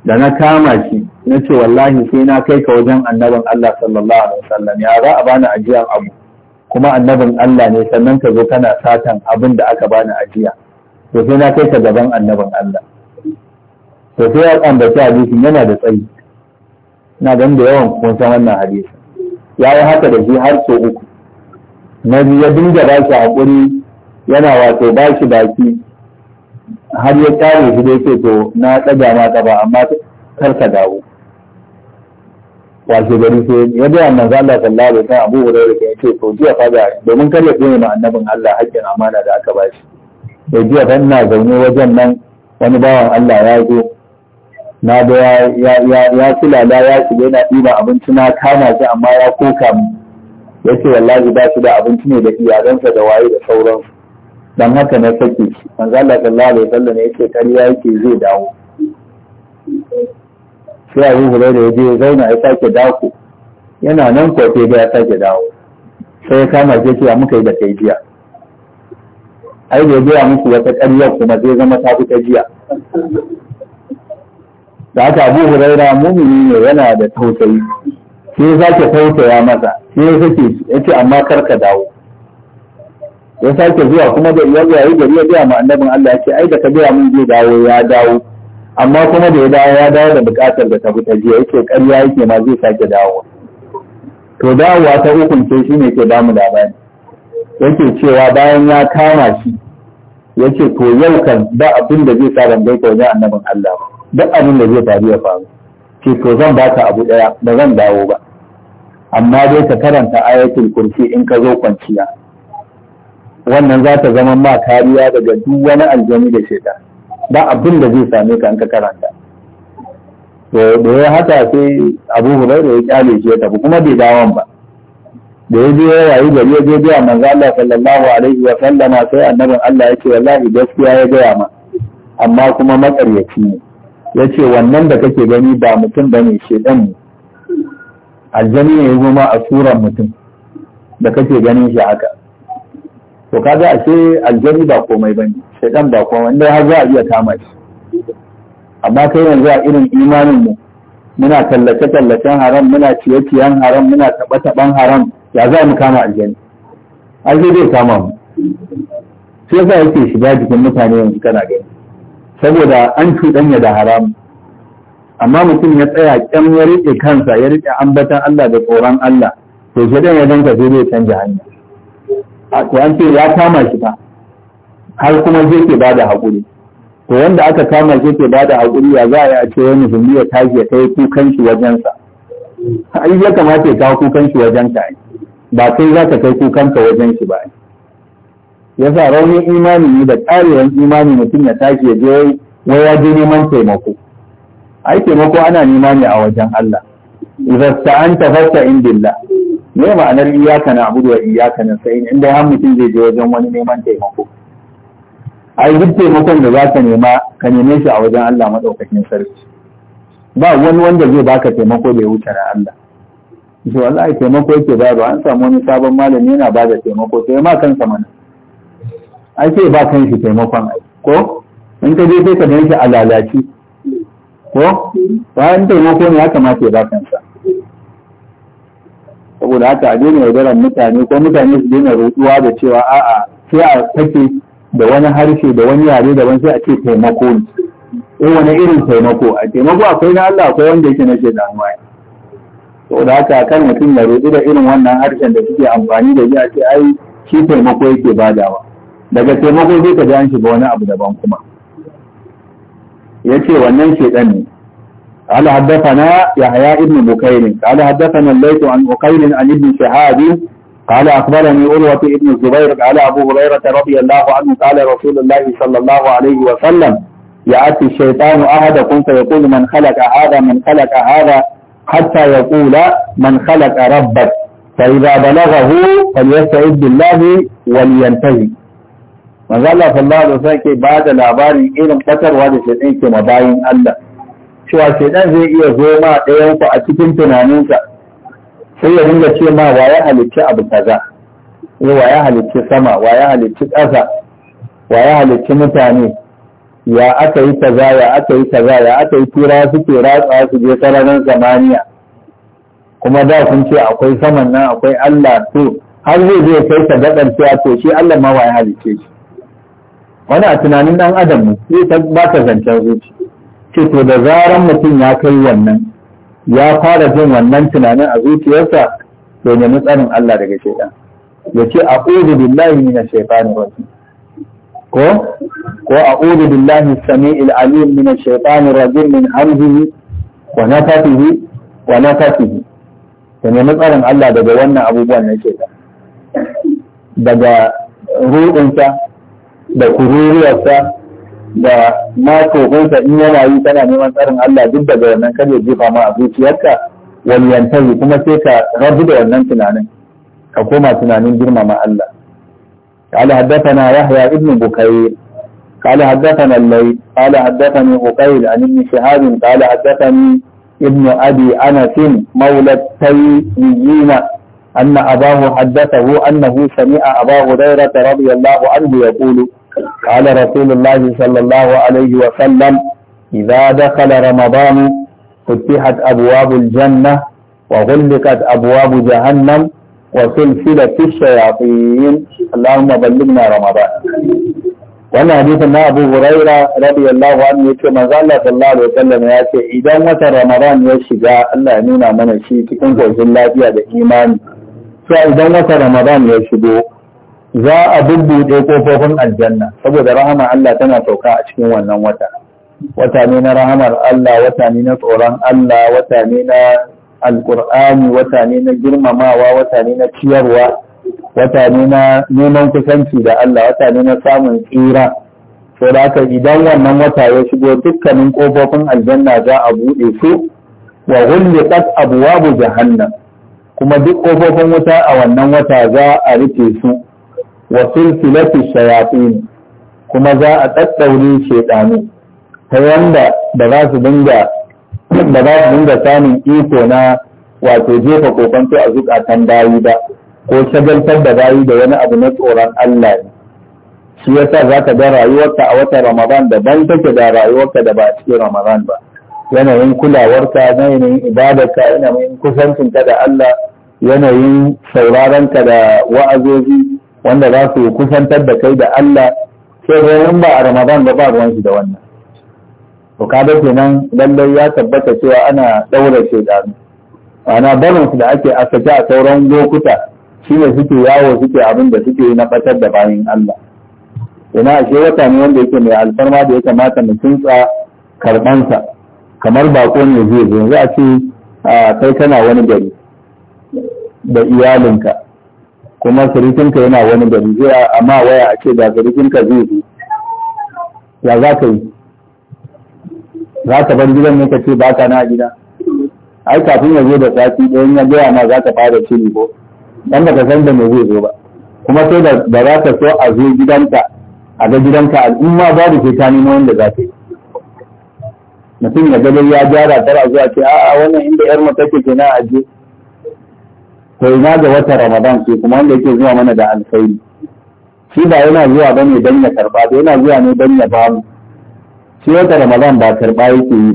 da na kama shi na ce wallahi sai na kai ka wajen annabin Allah sallallahu alaihi wasallam ya za a bani ajiyar abu kuma annabin Allah ne sannan ka zo kana satan abin da aka bani ajiya to sai na kai ka gaban annabin Allah to sai ya ambaci hadisin yana da tsayi na gan da yawan kun san wannan hadisi ya yi haka da shi har sau uku na biyu ya dinga ba shi haƙuri yana wato ba shi baki har ya kare shi dai ce to na ɗaga ma ba amma kar ka dawo washe gari sai ya biya manzo Allah sallallahu alaihi wasallam Abu Hurairah ya ce to jiya fa domin kar ya tsine ma annabin Allah hakkin amana da aka ba shi to jiya fa ina zaune wajen nan wani bawan Allah ya zo na da ya filala ya shiga yana ɗiba abinci na kama shi amma ya koka mu ya ce wallahi ba shi da abinci ne da iyalansa da waye da sauransu don haka na sake shi manzo Allah sallallahu alaihi wasallam ya ce ya yake zai dawo sai Abu Hurairah ya je ya zauna ya sake dako yana nan kwafe da ya sake dawo sai ya kama shi ya muka yi da kai jiya ai da ya gaya muku wata ƙaryar kuma zai zama ta fi ta jiya da aka abu huraira mumini ne yana da tausayi sai za ke tausaya masa sai sake ce amma kar ka dawo ya sake zuwa kuma da ya yayi gari ya biya ma annabin Allah ya ce ai da ka biya mun zai dawo ya dawo amma kuma da ya dawo ya dawo da bukatar da ta fita jiya yake ƙarya yake ma zai sake dawo to dawowa ta hukunce shi ne ke damu labari yake cewa bayan ya kama shi yake to yau kan ba abin da zai sa ban gaita wajen annabin Allah ba duk abin da zai faru ya faru ce to zan baka abu daya ba zan dawo ba amma dai ka karanta ayatul kursi in ka zo kwanciya wannan za ta zama ma kariya daga duk wani aljami da sheda ba abin da zai same ka in ka karanta to da ya haka sai abu hurairu ya kyale shi ya tafi kuma bai dawon ba da ya je yayi gari ya je biya manzo Allah sallallahu alaihi wa sallama sai annabin Allah ya ce wallahi gaskiya ya gaya ma amma kuma makaryaci ne ya ce wannan da kake gani ba mutum ba ne shaidan ne aljani ne ya goma a suran mutum da kake ganin shi haka to ka ga ashe aljani ba komai ba ne shaidan ba komai inda har za a iya kama shi amma kai yanzu a irin imanin mu muna tallace-tallacen haram muna ciye-ciyen haram muna taɓa-taɓan haram ya za mu kama aljani aljani zai kama mu sai za yake shiga jikin mutane yanzu kana gani saboda an cuɗanya da haramu amma mutum ya tsaya kyan ya riƙe kansa ya riƙe ambatan Allah da tsoron Allah to shi ya danka zai zai canja hanya to an ce ya kama shi ba. har kuma zai ke bada haƙuri to wanda aka kama shi ke bada haƙuri ya za a yi a ce wani zumbi ya tashi ya kai kukan shi wajensa ai ya kamata ya kawo kukan shi wajenka ba kai za ka kai ka wajen shi ba Ya sa raunin imani ne da ƙarewar imani mutum ya tashi ya je wai ya je neman taimako ai taimako ana nema ne a wajen Allah idza sta'anta fasta in billah me ma'anar iyyaka na'budu wa iyyaka nasta'in inda har mutum zai je wajen wani neman taimako ai duk taimakon da zaka nema ka neme shi a wajen Allah madaukakin sarki ba wani wanda zai baka taimako da ya wuce na Allah to wallahi taimako yake ba an samu wani sabon malami yana bada taimako sai ma kansa mana ai sai ba kan shi taimakon ko in ka je sai ka dan shi a lalaci ko bayan taimako ne ya kamata ya ba kansa saboda haka a daina yaudarar mutane ko mutane su daina roƙuwa da cewa a'a sai a take da wani harshe da wani yare da wani sai a ce taimako ne ko eh, wani irin taimako a taimako akwai na Allah akwai wanda yake na shaidan wani saboda haka kan mutum ya roƙi da irin wannan harshen da suke amfani da shi a ce ai shi taimako yake badawa daga taimako sai ka ji an shiga wani abu daban kuma yace wannan shedan ne قال حدثنا يحيى ابن بكير قال حدثنا الليث عن بكير عن ابن شهاب قال أخبرني أروة ابن الزبير قال أبو هريرة رضي الله عنه قال رسول الله صلى الله عليه وسلم يأتي الشيطان أحدكم فيقول من خلق هذا من خلق هذا حتى يقول من خلق ربك فإذا بلغه فليستعذ بالله ولينتهي manzo Allah sallallahu alaihi wasallam ke ba da labari irin batarwa da shedan ke mabayin bayin Allah cewa shedan zai iya zo ma ɗayan ku a cikin tunaninka. sai ya dinga ce ma wa ya halicci abu kaza wa ya halicci sama wa ya halicci ƙasa wa ya halicci mutane ya aka yi kaza ya aka yi kaza ya aka yi tura suke ratsa su je sararin samaniya kuma da sun ce akwai saman nan akwai Allah to har zai je kai ka gaɗar cewa to shi Allah ma wa ya halicce shi wani a tunanin dan adam ne sai ta ba ta zancen zuci ce to da zaran mutum ya kai wannan ya fara jin wannan tunanin a zuciyarsa to ne tsarin Allah daga shaitan ya ce ƙudu billahi mina shaitani rajim ko ko ƙudu billahi samiil alim minash shaitani rajim min hamzihi wa nafathihi wa nafathihi to ne tsarin Allah daga wannan abubuwan na shaitan daga ruɗinsa da kururuwarsa da ma tokonsa in yana yi tana neman tsarin Allah duk daga wannan kar ya jefa ma a zuciyarka waliyantahi kuma sai ka rabu da wannan tunanin ka koma tunanin girmama Allah قال حدثنا يحيى ابن بكير قال حدثنا الليل قال حدثني عقيل عن ابن شهاب قال حدثني ابن أبي أنس مولى التيميين أن أباه حدثه أنه سمع أبا هريرة رضي الله عنه يقول قال رسول الله صلى الله عليه وسلم إذا دخل رمضان فتحت أبواب الجنة وغلقت أبواب جهنم وسلسلة الشياطين اللهم بلغنا رمضان وانا حديث ما أبو هريرة رضي الله عنه كما قال الله صلى الله عليه وسلم يأتي إذا مات رمضان يا يشجع الله أمين من الشيء تكون في الله يا إيمان فإذا مات رمضان يا يشجع za a bubbuɗe ƙofofin aljanna saboda rahama Allah tana sauka a cikin wannan wata wata ne na rahamar Allah wata ne na tsoron Allah wata ne na alƙur'ani wata ne na girmamawa wata ne na ciyarwa wata ne na neman kusanci da Allah wata ne na samun tsira to da haka idan wannan wata ya shigo dukkanin ƙofofin aljanna za a buɗe su wa ghulqat abwabu jahannam kuma duk ƙofofin wuta a wannan wata za a rufe su wa silsilati shayatin kuma za a daddaure shaytanu ta wanda ba za su dinga ba za su dinga samun iko na wato jefa kokonto a zukatan bayi ba ko shagaltar da bayi da wani abu na tsoron Allah ne shi yasa za ka ga rayuwarka a watan Ramadan daban take da rayuwarka da ba a cikin Ramadan ba yanayin kulawarka yanayin ibadarka yanayin kusancinka da Allah yanayin sauraronka da wa'azozi wanda za su kusantar da kai da Allah sai dai ba a Ramadan ba ba ruwan shi da wannan to dace nan, lallai ya tabbata cewa ana daura shedanu ana barin su da ake asaki a sauran lokuta shine suke yawo suke abin da suke na batar da bayan Allah ina ashe wata ne wanda yake mai alfarma da ya kamata mu tsuntsa karbansa kamar bako ne zai zo yanzu a ce kai kana wani gari da iyalinka kuma sirikinka yana wani gari zuwa amma waya a ce da sirikinka zai zo ya za ka yi za ka bar gidan ne ka ce ba ka na gida ai kafin ya zo da sati ɗayan ya gaya ma za ka fara shiri ko dan ka san da me zai zo ba kuma sai da ba za ka so a zo gidanka a ga gidanka al'umma da ke ta nemo wanda za ka yi mutum ya ga ya gyara tara zuwa ce a'a wannan inda yar mata take kenan a je to ina ga watan ramadan ke kuma wanda yake zuwa mana da alkhairi shi ba yana zuwa ba ne don ya karba ba yana zuwa ne don ya bamu shi wata ramadan ba karba yake yi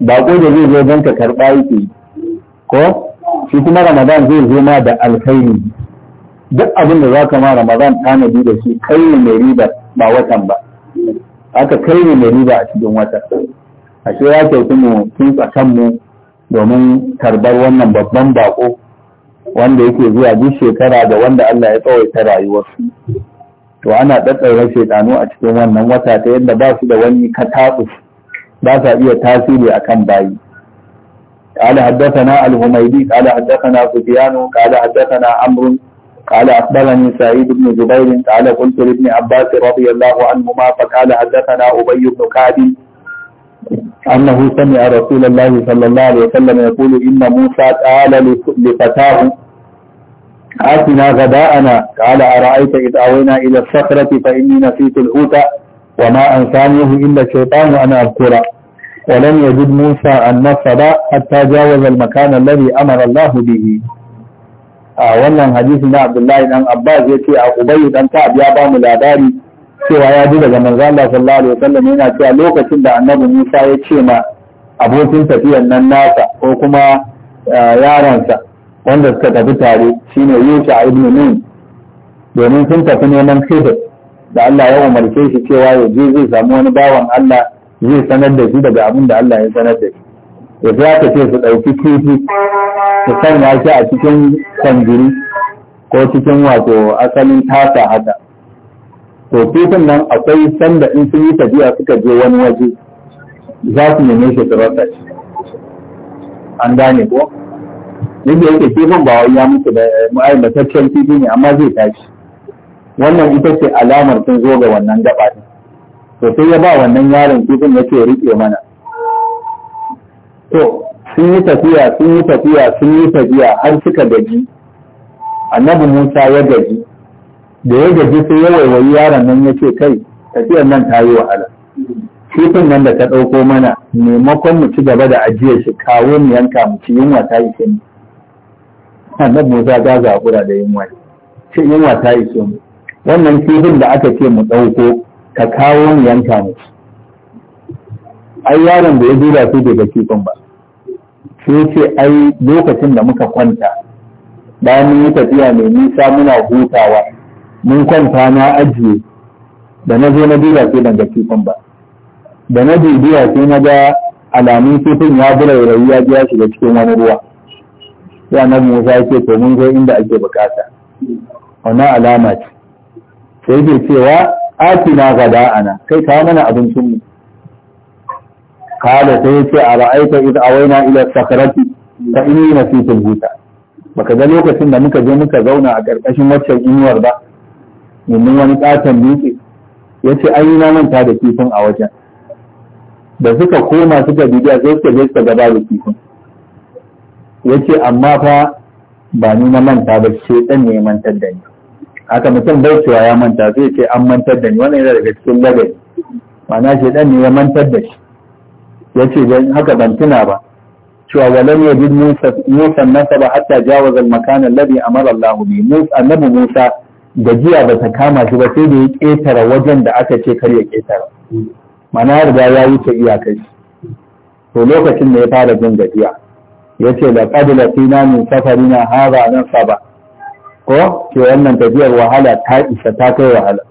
ba ko da zai zo don ka karba yake yi ko shi kuma ramadan zai zo ma da alkhairi duk abin da za ka ma ramadan tanadi da shi kai ne mai riba ba watan ba aka kai ne mai riba a cikin watan ashe ya kyautu mu tun mu domin karbar wannan babban bako wanda yake zuwa duk shekara da wanda Allah ya tsawaita rayuwarsu to ana ɗaɗɗaura shekanu a cikin wannan wata ta yadda ba su da wani kataɓus ba sa iya tasiri akan bayi قال حدثنا الهميدي قال حدثنا سفيان قال حدثنا عمرو قال أخبرني سعيد بن جبير قال قلت لابن عباس رضي الله عنهما فقال حدثنا أبي بن كعب أنه سمع رسول الله صلى الله عليه وسلم يقول إن موسى قال لفتاه آتنا غداءنا قال أرأيت إذ أوينا إلى الصخرة فإني نسيت الحوت وما أنسانيه إلا الشيطان أن أذكره ولم يجد موسى أن حتى جاوز المكان الذي أمر الله به a wannan hadisin na Abdullahi dan Abbas yace a Ubay dan Ka'ab ya ba mu labari cewa ya ji daga manzo Allah sallallahu alaihi wasallam yana cewa lokacin da Annabi Musa ya ce ma abokin tafiyar nan nasa ko kuma yaransa wanda suka tafi tare shi shine Yusha ibn Nun domin sun tafi neman Khidir da Allah ya umarce shi cewa ya je zai sami wani bawan Allah zai sanar da shi daga abin da Allah ya sanar da shi ya za ka ce su ɗauki kifi su sanya shi a cikin kwanjiri ko cikin wato asalin tasa haka to kifin nan akwai sanda in sun yi tafiya suka je wani waje za su neme shi su rasa shi an gane ko yadda yake kifin ba wai ya mutu da eh, ma'aikataccen titi ne amma zai tashi wannan ita ce alamar sun zo ga wannan gaba ne to sai ya ba wannan yaron ya yake rike mana to sun yi tafiya sun yi tafiya sun yi tafiya har suka gaji annabi musa ya gaji da ya gaji sai ya waiwayi yaron nan ya ce kai tafiyar nan ta yi wahala kifin nan da ka ɗauko mana maimakon mu ci gaba da ajiyar shi kawo mu yanka mu ci yunwa ta yi shi nan musa ta zaɓura da yunwa ce yunwa ta iso mu wannan kifin da aka ce mu ɗauko ka kawo mu yanka mu ai yaron da ya dura su da kifin ba sai ce ai lokacin da muka kwanta bayan mun yi tafiya mai nisa muna hutawa mun kwanta na ajiye da na zo na dura sai da kifin ba da na dubiya sai na ga alamun kifin ya bura rayu ya biya shiga cikin wani ruwa sai annabi Musa ya ke to mun zo inda ake bukata wannan alama ce sai ke cewa na gada ana kai kawo mana abincin mu kala sai ya ce a ra'aita idh awaina ila sakarati fa inni nasitu buta baka ga lokacin da muka je muka zauna a ƙarƙashin waccan inuwar ba domin wani ƙaton dutse ya ce an yi na manta da kifin a wajen da suka koma suka bidiya sai suka je suka gaba da kifin yace amma fa ba ni na manta ba shedan ne ya mantar da ni haka mutum bai cewa ya manta zai ce an mantar da ni wannan yana daga cikin lagari ma'ana shedan ne ya mantar da shi yace dan haka ban tuna ba cewa walam yajid Musa Musa nasaba hatta jawaza al-makan alladhi amara Allah bi Musa annabi Musa gajiya ba ta kama shi ba sai da ya ketara wajen da aka ce kar ya ketara ma'ana riga ya wuce iyakar shi to lokacin da ya fara jin gajiya yace da qadla fina min safarina hadha saba ko ke wannan tafiyar wahala ta isa ta kai wahala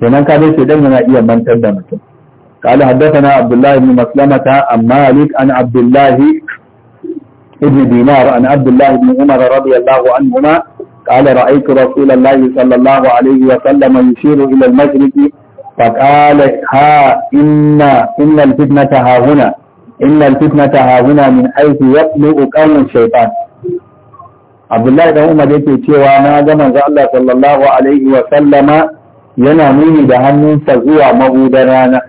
kenan ka dace dan yana iya mantar da mutum قال حدثنا عبد الله بن مسلمة عن مالك عن عبد الله ابن دينار عن عبد الله بن عمر رضي الله عنهما قال رأيت رسول الله صلى الله عليه وسلم يشير إلى المشرق فقال ها إن إن الفتنة ها هنا innal fitnata hahuna min aiki yaqlu qawlan shaytan Abdullahi dan Umar yake cewa na ga manzo sallallahu alaihi wa sallama yana nuni da hannunsa zuwa magudan rana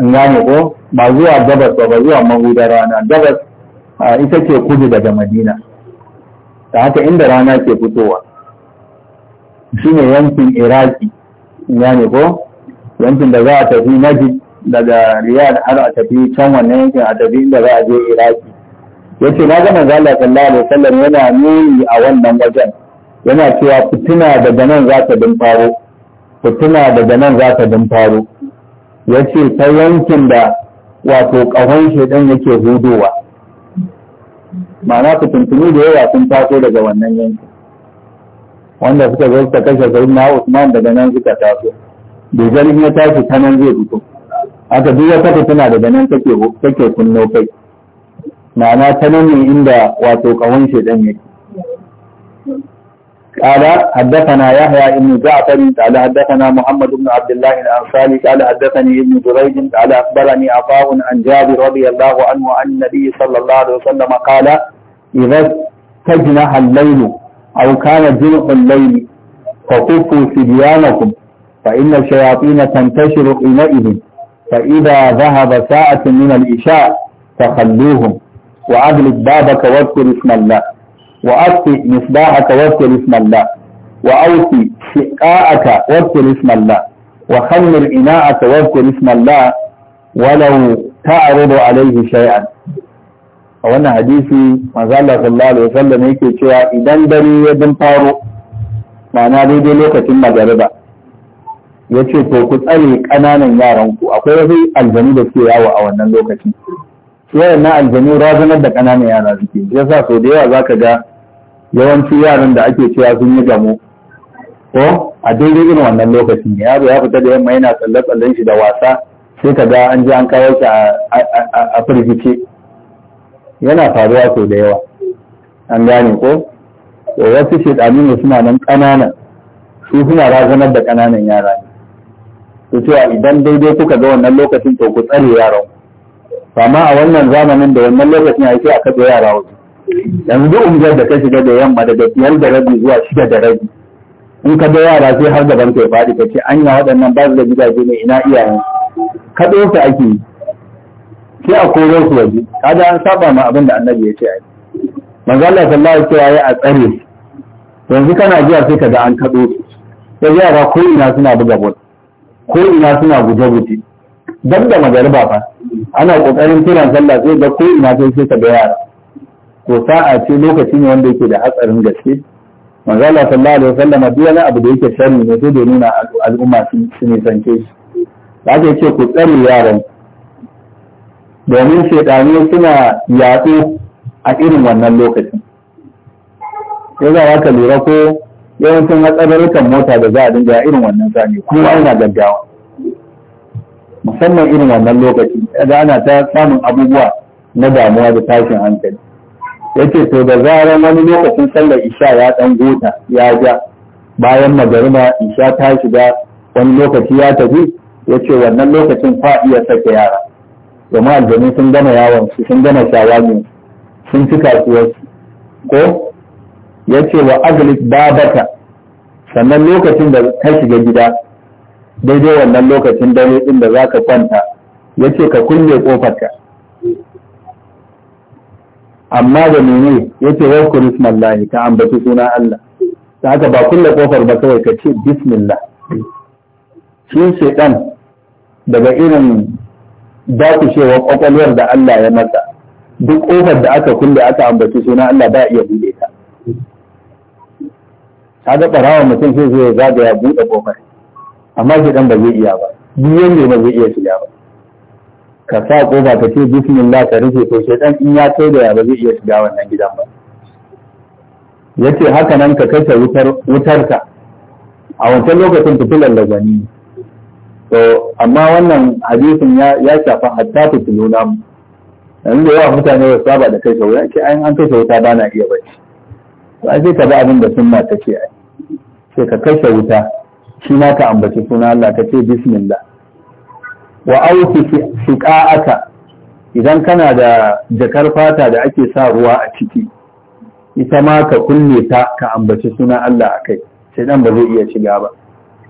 in ko ba zuwa gabas ba ba zuwa magudan rana gabas ita ce kudu daga Madina da haka inda rana ke fitowa shine yankin Iraki in ko yankin da za a tafi naji. daga riyad har a tafi can wannan yankin a tafi inda za a je iraki ya ce na gama zala sallallahu alaihi wasallam yana nuni a wannan wajen yana cewa fituna daga nan za ta bin faro fituna daga nan za ta dun faro ya ce ta yankin da wato ƙahon shaidan yake hudowa ma'ana fitintunu da yawa sun taso daga wannan yankin wanda suka zo suka kashe sayyidina Usman daga nan suka taso da zargin ya tashi ta nan zai fito aka duk wata fitina daga nan take take kunno kai ma'ana ta nan ne inda wato kawon shedan yake قال حدثنا يحيى بن جعفر قال حدثنا محمد بن عبد الله الانصاري قال حدثني ابن جريج قال اخبرني عطاء عن جابر رضي الله عنه عن النبي صلى الله عليه وسلم قال اذا تجنح الليل او كان جنح الليل فكفوا صبيانكم فان الشياطين تنتشر حينئذ فإذا ذهب ساعة من الإشاء فخلوهم وأغلق بابك واذكر اسم الله وأطفئ مصباحك واذكر اسم الله وأوفي شقاءك واذكر اسم الله وخمر إناءك واذكر اسم الله ولو تعرض عليه شيئا وأنا حديثي ما زال الله صلى الله عليه وسلم cewa إذا بني يدن طارو faro ma'ana daidai ثم جربه ya ce to ku tsare ƙananan yaran ku akwai wasu aljanu da suke yawo a wannan lokaci wayan na aljanu razanar da ƙananan yara suke yasa sau da yawa za ka ga yawanci yaran da ake cewa sun yi gamo ko a daidai irin wannan lokacin yaro ya fita da yamma yana tsalle-tsallen shi da wasa sai ka ga an ji an kawo shi a firgice yana faruwa sau da yawa an gane ko wasu shekaru ne suna nan ƙananan su suna razanar da ƙananan yara ne. ku cewa idan daidai kuka ga wannan lokacin to ku tsare yaran amma a wannan zamanin da wannan lokacin ya ce a kaɗe yara wasu yanzu unguwar da ka shiga da yamma daga biyar da rabi zuwa shida da rabi in ka ga yara sai har gaban ka ya faɗi ka ce yi waɗannan ba su da gidaje ne ina iyaye. kaɗo su ake yi sai a koro su waje kaga an saba ma abin annabi ya ce yi manzo Allah sallallahu alaihi wasallam ya a tsare yanzu kana jiya sai ka ga an kaɗo su sai yara ko ina suna buga bol ko ina suna guje-guje dan da magariba fa ana kokarin kiran sallah sai ga ko ina sai sai ka ga yara to sa'a ce lokaci ne wanda yake da hatsarin gaske manzo Allah sallallahu alaihi wasallam duk wani abu da yake sharri ne sai da nuna al'umma sun ne sanke shi haka ce ku tsare yaran domin shedanu suna yatsu a irin wannan lokacin sai za ka lura ko yawancin hatsarurukan mota da za a dinga irin wannan sani kuma yana gaggawa musamman irin wannan lokaci da ana ta samun abubuwa na damuwa da tashin hankali yace to da zaran wani lokacin sallar isha ya dan gota ya ja bayan magarima isha ta shiga wani lokaci ya tafi yace wannan lokacin fa iya sake yara domin aljanu sun gama yawon su sun gama shawagin sun ci kasuwarsu ko ya ce wa ba babaka sannan lokacin da ka shiga gida daidai wannan lokacin dare din da za ka kwanta ya ce ka kunye kofarka amma da nune ya ce wa lahi ka ambaci suna Allah ta haka ba kulle kofar ba kawai ka ce bismillah shi shaidan daga irin dakushewar ƙwaƙwalwar da Allah ya masa duk ƙofar da aka kulle aka ambaci suna Allah ba iya buɗe ta kaga barawa mutum sai zai zaga ya buɗe kofar amma shi dan ba zai iya ba duk yanda ba zai iya shiga ba ka sa kofa ka ce bismillah ka rufe to dan in ya kai da ya ba zai iya shiga wannan gidan ba yace haka nan ka kashe wutar wutarka a wancan lokacin fitilar lagwani to amma wannan hadisin ya shafa hatta fitiluna mu yanzu da yawa mutane ba saba da kai wuta ke an kashe wuta ba na iya bacci Ba sai ka bi abin da sunna take ai sai ka kashe wuta shi ma ka ambaci suna Allah ka ce bismillah wa auki shiqa'aka idan kana da jakar fata da ake sa ruwa a ciki ita ma ka kunne ta ka ambaci suna Allah akai sai dan ba zai iya shiga ba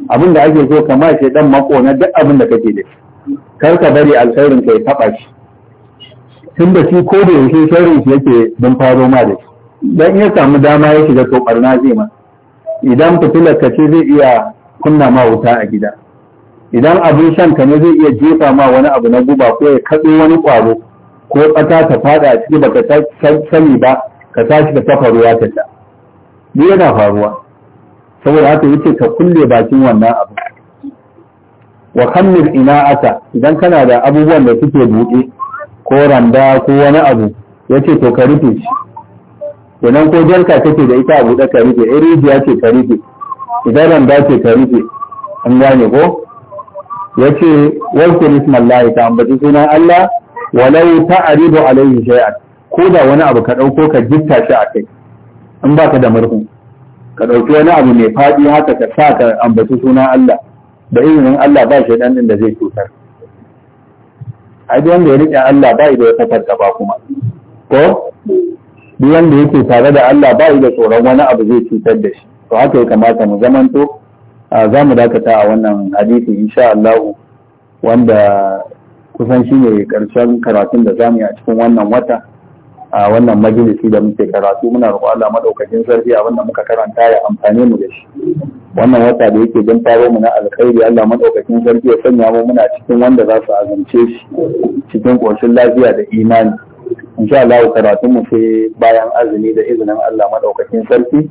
abin da ake so kamar sai dan makona duk abin da kake da shi kar ka bari alkhairin kai ya taba shi tun da shi ko da yaushe sharrin shi yake don faro ma da shi dan iya samu dama ya shiga to barna zai ma idan fitilar ka ce zai iya kunna ma wuta a gida idan abin shan ka ne zai iya jefa ma wani abu na guba ko ya katsi wani kwaro ko tsaka ta fada a ciki baka sani ba ka tashi da tafa ruwa ta sha ni yana faruwa saboda haka yace ka kulle bakin wannan abu wa kammil ina'ata idan kana da abubuwan da suke buɗe ko randa ko wani abu yace to ka rufe shi kenan ko jarka kake da ita abu da ka rike eh, rijiya ce ka rike idan randa ce ka rike an gane ko ya ce warkun ismallahi ta ambaci sunan Allah walau ta arido alaihi shay'an ko da wani abu ka ɗauko ka jitta shi a kai in ba ka da murhu ka ɗauki wani abu mai faɗi haka ka sa ka ambaci sunan Allah da izinin Allah ba shi ɗan da zai cutar a wanda ya riƙe Allah ba da tafarka ba kuma ko duk wanda yake tare da Allah ba da tsoron wani abu zai cutar da shi to haka ya kamata mu zamanto za mu dakata a wannan hadisi insha Allah wanda kusan shi ne karshen karatun da zamu yi a cikin wannan wata a wannan majalisi da muke karatu muna roƙo Allah madaukakin sarki a wannan muka karanta ya amfane mu da shi wannan wata da yake don faro mu na alkhairi Allah madaukakin sarki ya sanya mu muna cikin wanda za su azumce shi cikin ƙoshin lafiya da imani In sha Allah karatun mu sai bayan azumi da izinin Allah madaukakin sarki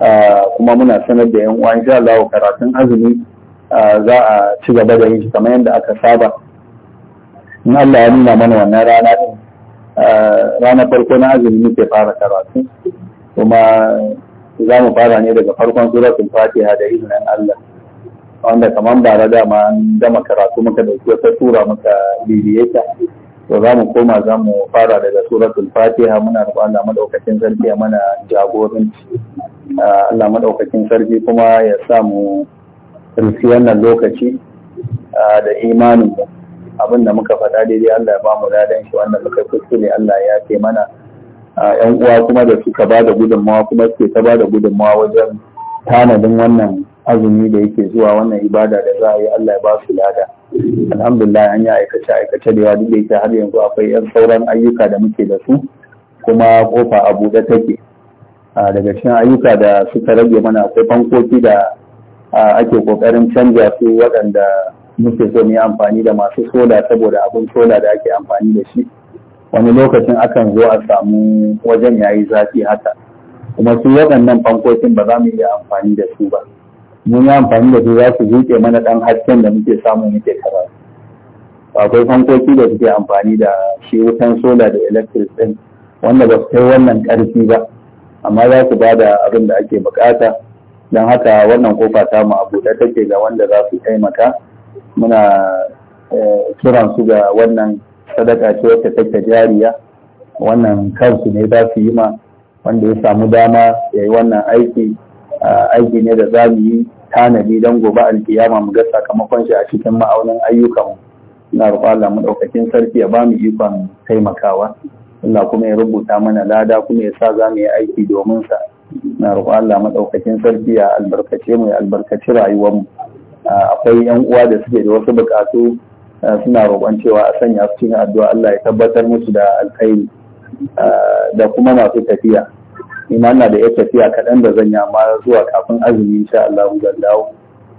ah, kuma muna sanar da yan uwa sha Allah karatun azumi ah, za a ci gaba da yin shi kamar yadda aka saba in Allah ya nuna mana wannan rana din ah, ranar farko na azumi muke fara karatu kuma za mu fara ne daga farkon suratul fatiha da izinin Allah wanda kamar bara dama an gama karatu muka dauki wata tura muka bibiye to za mu koma za mu fara daga suratul fatiha muna roƙon Allah madaukakin sarki ya mana jagoranci Allah madaukakin sarki kuma ya sa mu rufi wannan lokaci da imanin mu abin da muka faɗa daidai Allah ya ba mu ladan shi wannan muka kuskure Allah ya ce mana yan uwa kuma da suka ba da gudunmawa kuma suke ta ba da gudunmawa wajen tanadin wannan azumi da yake zuwa wannan ibada da za a yi Allah ya ba su lada alhamdulillah an yi aikace aikace da yawa duk da yake har yanzu akwai yan sauran ayyuka da muke da su kuma kofa a buɗe take daga cikin ayyuka da suka rage mana akwai fankoki da ake kokarin canja su waɗanda muke so mu yi amfani da masu sola saboda abin sola da ake amfani da shi wani lokacin akan zo a samu wajen yayi zafi haka kuma su waɗannan fankokin ba za mu iya amfani da su ba mun yi amfani da su za su zuke mana ɗan hasken da muke samu muke karatu akwai fankoki da suke amfani da shi wutan sola da electric ɗin wanda ba su kai wannan ƙarfi ba amma za su ba da abin da ake bukata don haka wannan kofa ta mu da take ga wanda za su taimaka muna eh, kiran su ga wannan sadaka ce wacce take jariya wannan kansu ne za su yi ma wanda ya samu dama ya yi wannan aiki ah, aiki ne da za mu yi tanadi don gobe alkiyama mu ga sakamakon shi a cikin ma'aunin ayyukan ina roƙon Allah mu ɗaukakin sarki ya ba mu ikon taimakawa Allah kuma ya rubuta mana lada kuma ya sa za mu yi aiki domin sa na roƙon Allah maɗaukakin sarki ya albarkace mu ya albarkaci mu. akwai yan uwa da suke da wasu buƙatu suna roƙon cewa a sanya su cikin addu'a Allah ya tabbatar musu da alkhairi da kuma masu tafiya Iman na da yar tafiya kaɗan da zan yi amma zuwa kafin azumi insha Allah zan dawo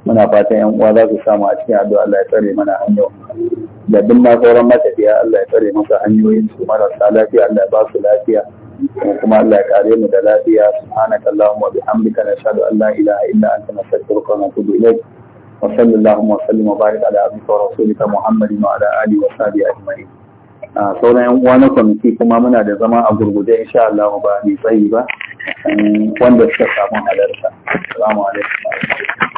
muna fatan yan uwa za su samu a cikin addu'a Allah ya tsare mana hanyoyin da duk ma sauran matafiya Allah ya tsare masa hanyoyin su marasa lafiya Allah ya ba su lafiya kuma Allah ya kare mu da lafiya subhanaka allahumma wa bihamdika nashhadu an la ilaha illa anta nastaghfiruka wa natubu ilayk wa sallallahu wa sallim wa barik ala abdika wa rasulika muhammadin wa ala alihi wa sahbihi ajma'in a sauran yan uwa na kwamiti kuma muna da zama a gurguje insha Allah ba mai tsayi ba um, wanda suka samu halarta assalamu alaikum